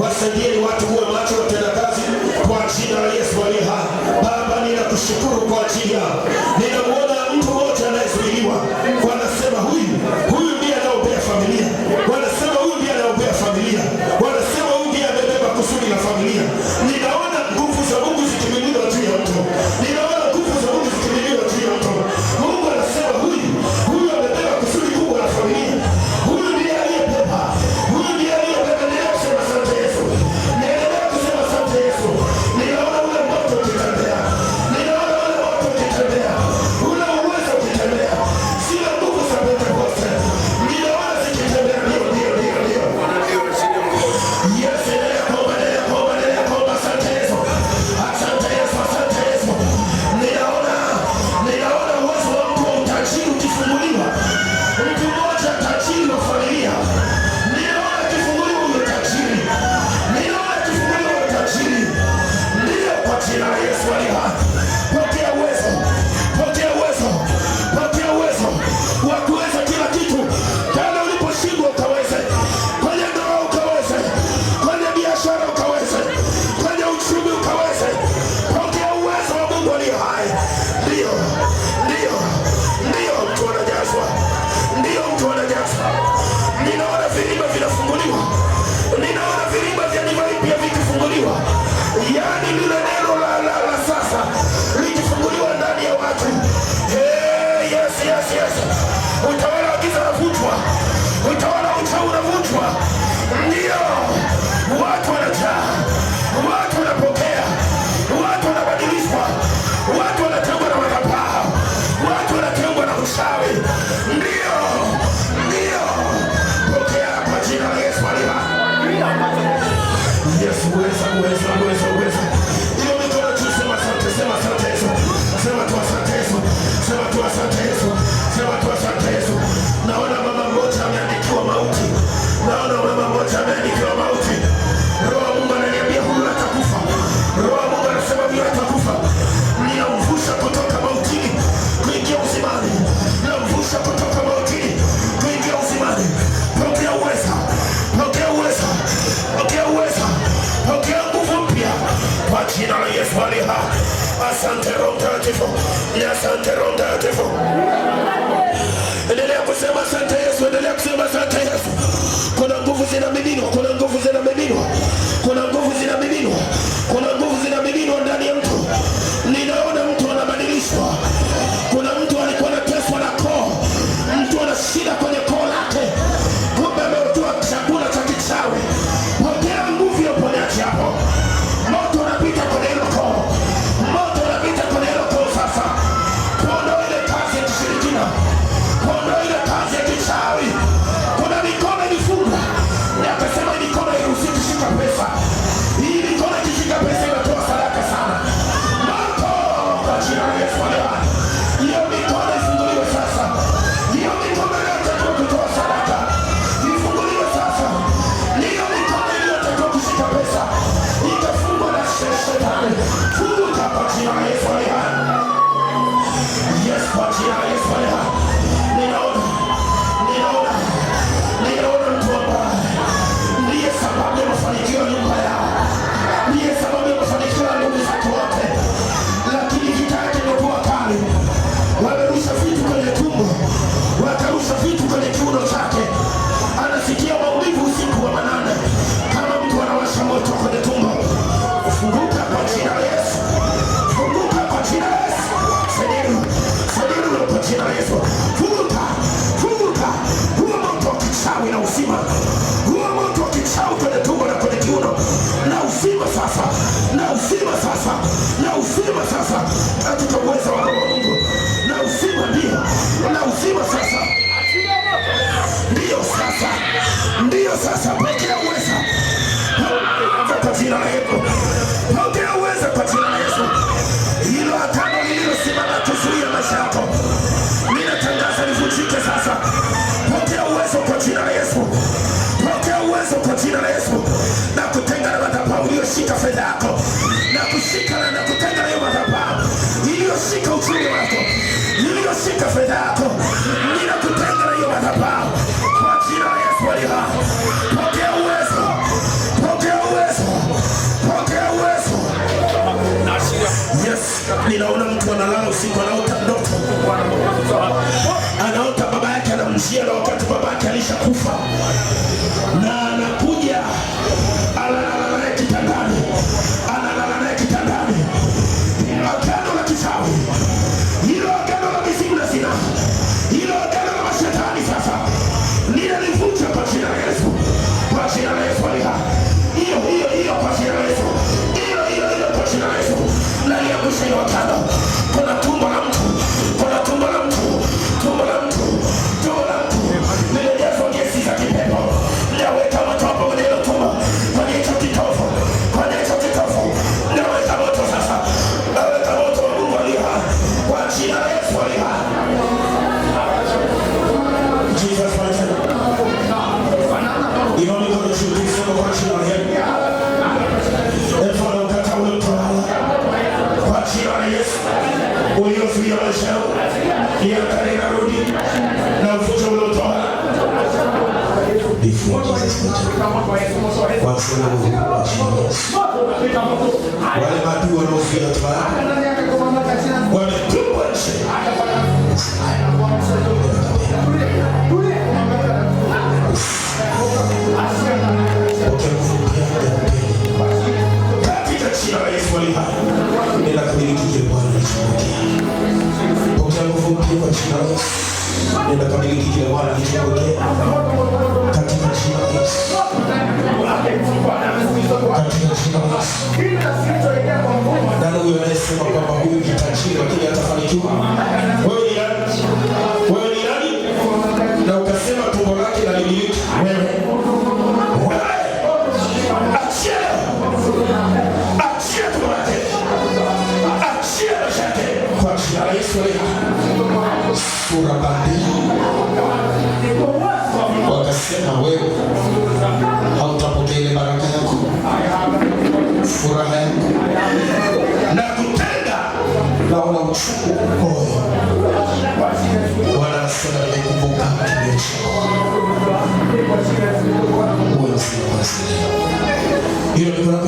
What's watu huwa Santo kushika fedha yako na kushika na nakutenda hiyo madhabahu iliyoshika uchumi wako iliyoshika fedha yako ninakutenda na hiyo madhabahu kwa jina la Yesu ali hai. Pokea uwezo, pokea uwezo, pokea uwezo. Yes, ninaona mtu analala usiku, anaota ndoto, anaota baba yake anamjia na wakati baba yake alishakufa. wale maadui wanaofia wametupwa nje. Nenda kamiliki kile Bwana alichopokea katika jina la Yesu katika jina la Yesu. Nani huyo anayesema kwamba huyu ni lakini hatafanikiwa?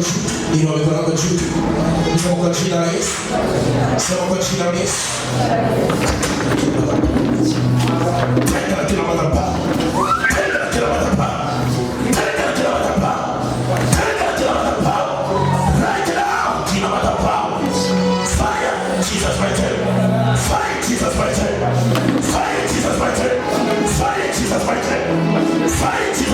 Yesu, inaonekana kwa juu. Sema to jina it Yesu. Sema kwa jina la Yesu. Tenda kila madhabahu. Tenda kila madhabahu. Jesus my time. Fire Jesus my time. Fire Jesus my time. Fire Jesus my time. Fire Jesus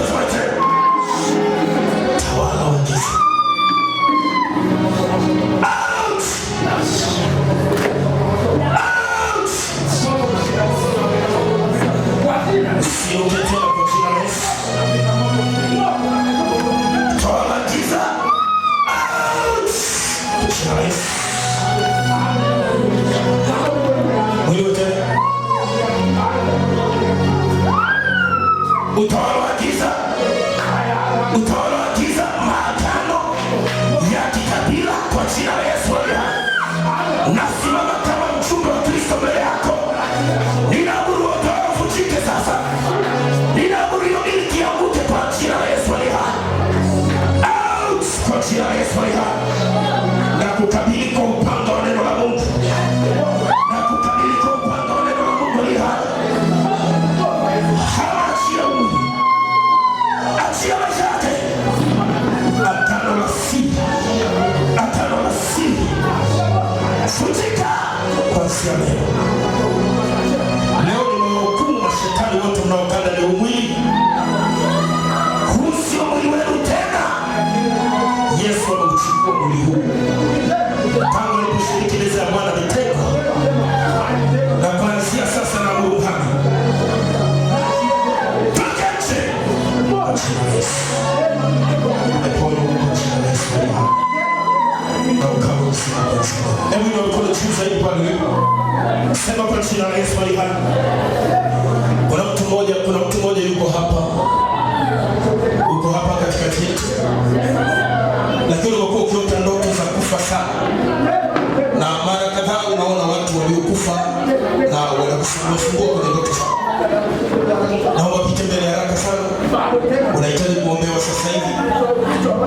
naomba pite mbele haraka sana, unahitaji kuombewa sasa hivi,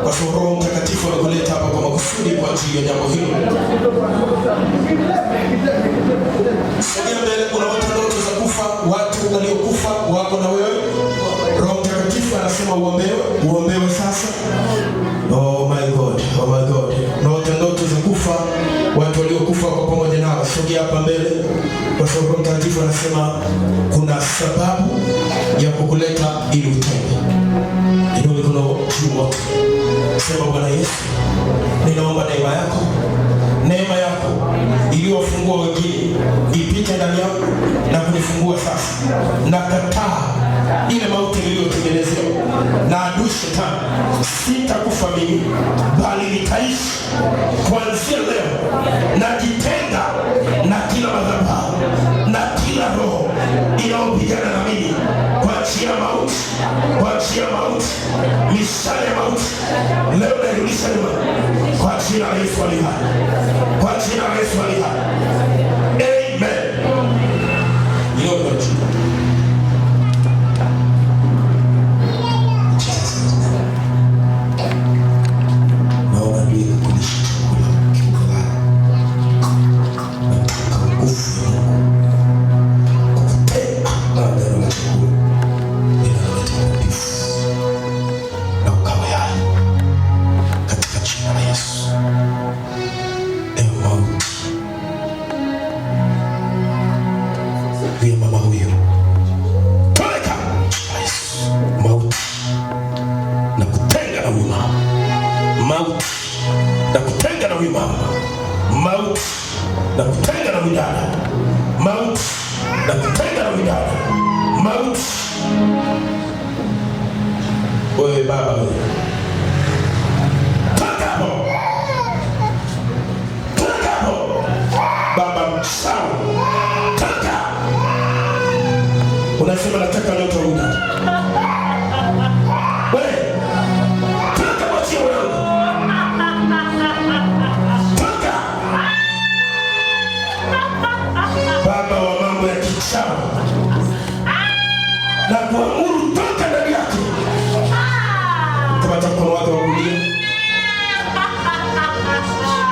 kwa sababu Roho Mtakatifu amekuleta hapa kwa makusudi kwa ajili ya jambo hilo. Sogea mbele, unaota ndoto za kufa, watu waliokufa wako na wewe. Roho Mtakatifu anasema uombewe, uombewe sasa. watu waliokufa kwa pamoja nao. Sogea hapa mbele, kwa sababu Mtakatifu anasema kuna sababu ya kukuleta ili utende. Inuli kuna moto, sema Bwana Yesu, ninaomba neema yako, neema yako iliyowafungua wengine ipite ndani yako na kunifungua sasa. Nakataa ile mauti iliyotengenezewa na adui Shetani. Sitakufa mimi, bali nitaishi. Kuanzia leo najitenga na kila madhabahu na kila roho inayopigana na mimi ya mauti, ya mauti, mishale ya mauti leo nairudisha nyuma kwa jina la Yesu aliye hai, kwa jina la Yesu aliye hai.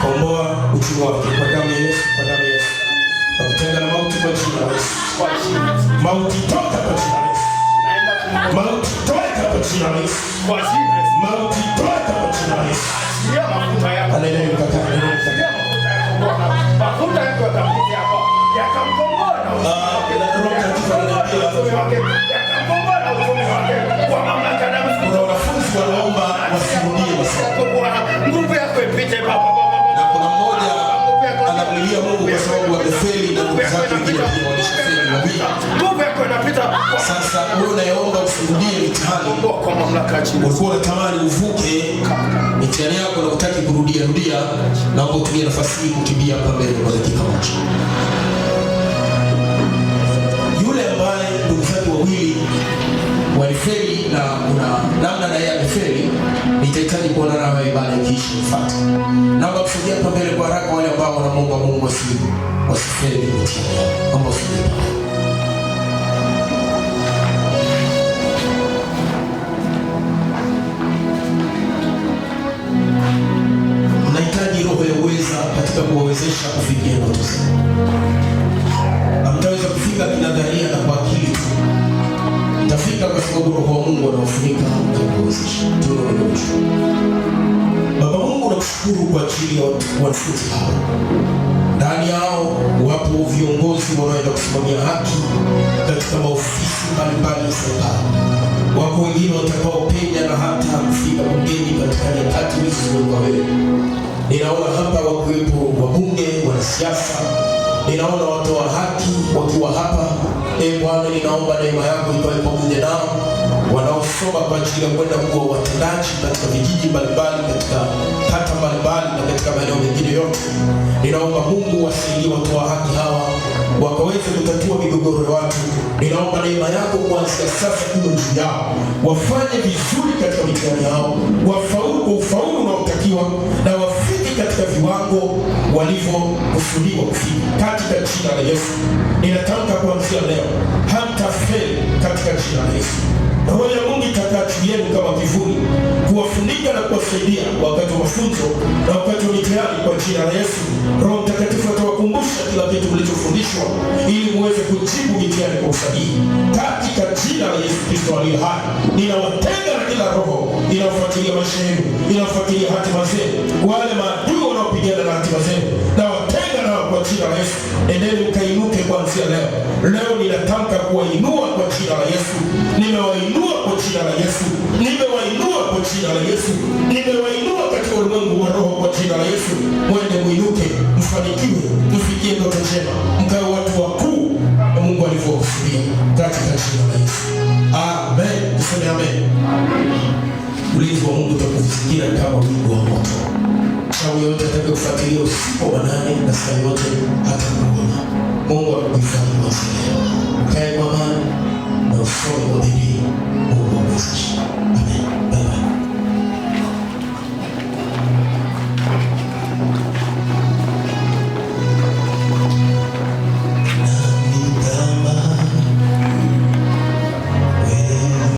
Komboa uchumi wake kwa damu ya Yesu, kwa damu ya Yesu. Tunakutenga na mauti kwa jina la Yesu. Kwa jina la Yesu. Mauti toka kwa jina la Yesu. Mauti toka kwa jina la Yesu. Kwa jina la Yesu. Mauti toka kwa jina la Yesu. Sio mafuta yako. Haleluya kaka. Sio mafuta yako. Mafuta yako yatampiga hapa. Yakamkomboa na usiniwake. Na ah, Roho Mtakatifu ananiambia usini wake. Yakamkomboa na usini wake. Kwa mamlaka na msikuta. Kuna wanafunzi wanaomba wasirudie wasikomboa. Nguvu yako ipite baba. inapita, nguvu yako inapita. Sasa wewe unayeomba ufungulie mitihani, kwa mamlaka ya jina, ulikuwa unatamani uvuke mitihani yako na utaki kurudia rudia, naomba utumie nafasi hii kukimbia hapa mbele kwa dakika moja. Yule ambaye ndugu zake wawili walifeli na kuna namna na yeye amefeli, nitahitaji kuona na wewe baada ya kiishi mfuate. Naomba kusaidia hapa mbele kwa haraka wale ambao wanamuomba Mungu wasifeli mitihani yao. Naomba usijie kutuwezesha kufikia ndoto zako. Hamtaweza kufika kinadharia na kwa akili tu, mtafika kwa sababu Roho wa Mungu anaofunika kutuwezesha. Baba Mungu, nakushukuru kwa ajili ya wanafunzi hawa. Ndani yao wapo viongozi wanaoenda kusimamia haki katika maofisi mbalimbali ya serikali wako wengine watakaopenya na hata kufika bungeni katika nyakati hizi kwa wewe Ninaona hapa wakiwepo wabunge, wanasiasa, ninaona wa haki wakiwa hapa. E Bwana, ninaomba neema yako ipae pamoja nao wanaosoma kwa ajili ya kwenda kuwa watendaji katika vijiji mbalimbali, katika kata mbalimbali na katika maeneo mengine yote. Ninaomba Mungu wasaidie wa haki hawa wakaweze kutatua migogoro ya watu. Ninaomba neema yako kuanzia sasa iwe juu yao, wafanye vizuri katika mitihani yao, wafaulu kwa ufaulu unaotakiwa na katika viwango walivyokusudiwa kufika katika jina la Yesu. Ninatamka kuanzia leo hamtafeli katika jina la Yesu. Roho ya Mungu itakaa juu yenu kama kivuli kuwafunika na kuwasaidia wakati wa mafunzo na wakati wa mitihani. Kwa jina la Yesu, Roho Mtakatifu atawakumbusha kila kitu mlichofundishwa ili muweze kujibu mitihani kwa usahihi. Katika jina la Yesu Kristo aliye hai, ninawatenga na kila roho inayofuatilia maisha yenu, inayofuatilia hatima zenu, wale maadui wanaopigana na hatima zenu na jina la Yesu. Enende ukainuke kuanzia leo. Leo ninatamka kuwainua kwa jina la Yesu. Nimewainua kwa jina la Yesu. Nimewainua kwa jina la Yesu. Nimewainua katika ulimwengu wa roho kwa jina la Yesu. Mwende mwinuke, mfanikiwe, mfikie ndoto njema, mkae watu wakuu na Mungu alivyokusudia katika jina la Yesu. Amen. Tuseme amen. Ulinzi wa Mungu utakufikia kama wingu wa moto. Matawi yote atake kufuatilia usipo manane na saa yote hata Mungu akuhifadhi mazileo, ukae kwa amani na usome kwa bidii. Mungu akuwezeshe.